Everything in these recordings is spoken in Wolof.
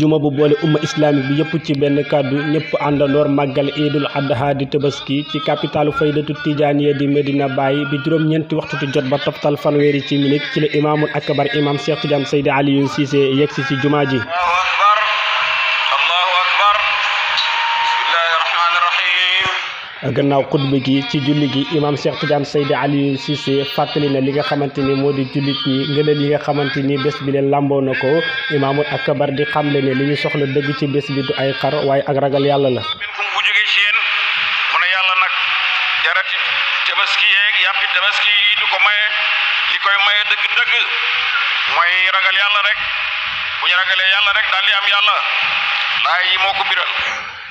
juma bu boole umma islamique bi yëpp ci benn kàddu ñëpp àndandoor màggal iidul adha di ci capitalu faydatu tijaaniya di Medina Baye bi juróom-ñeenti waxtu ti jot ba toftal fanweeri ci minit ci la imaamul akbar imaam Cheikh Tidiane Seydi Aliou Cissé yegsi ci jumaa ji. gannaaw xutba gi ci julli gi imaam Cheikh Tidiane Seydi Aliou Cissé fàttali na li nga xamante ni moo di jullit gi ngëneel yi nga xamante ni bés bi leen làmboo na ko imaamul akbar di xamle ne li ñu soxla dëgg ci bés bi du ay xar waaye ak ragal yàlla la. bu jógee ci yéen mu ne yàlla nag jarati tabaski yeeg yàppi tabaski yi du ko maye li koy maye dëgg-dëgg mooy ragal yàlla rek. bu ñu yàlla rek dal li am yàlla laay yi moko biral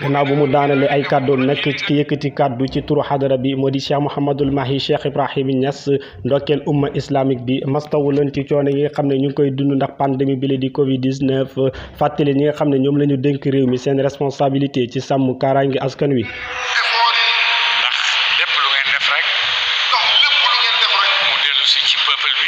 gannaaw bu mu daanale ay kàddu nek ci yëkkati kàddu ci turu xadara bi modi cheikh mohammedul mahi cheikh ibrahim Niass ndokel umma islamique bi mastawu leen ci coono yi xamné ñu koy dund ndax pandémie bi la di covid 19 fàttali ñi xamné ñom lañu dénk réew mi seen responsabilité ci sam karangi askan wi ndax lépp lu ngeen def rek mu dellu ci peuple bi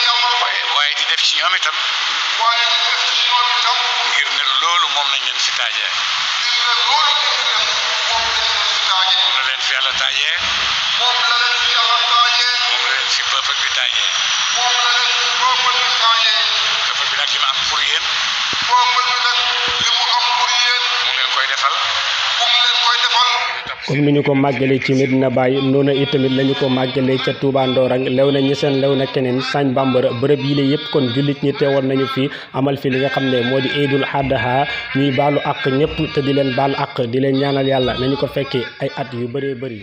def ci ñoom itam waaye ci ñoom itam ngir ne loolu moom lañ leen fi taajee ngir ne loolu moom lañ leen fi taajee moom la leen fi yàlla taajee moom la leen fi bi taajee moom la leen fi bi taajee peuple bi nag li am pour yéen peuple bi nag am pour yéen mu leen koy defal comme ni ñu ko màggalee ci Medina bàyyi noonu itamit la ñu ko màggalee ca Touba Ndorong lew na ñi seen lew na keneen sañ bambara bërëb yi la yëpp kon jullit ñi teewoon nañu fi amal fi li nga xam ne moo di Eidul Adha ñuy baalu àq ñëpp te di leen baal àq di leen ñaanal yàlla nañu ko fekkee ay at yu bëree bëri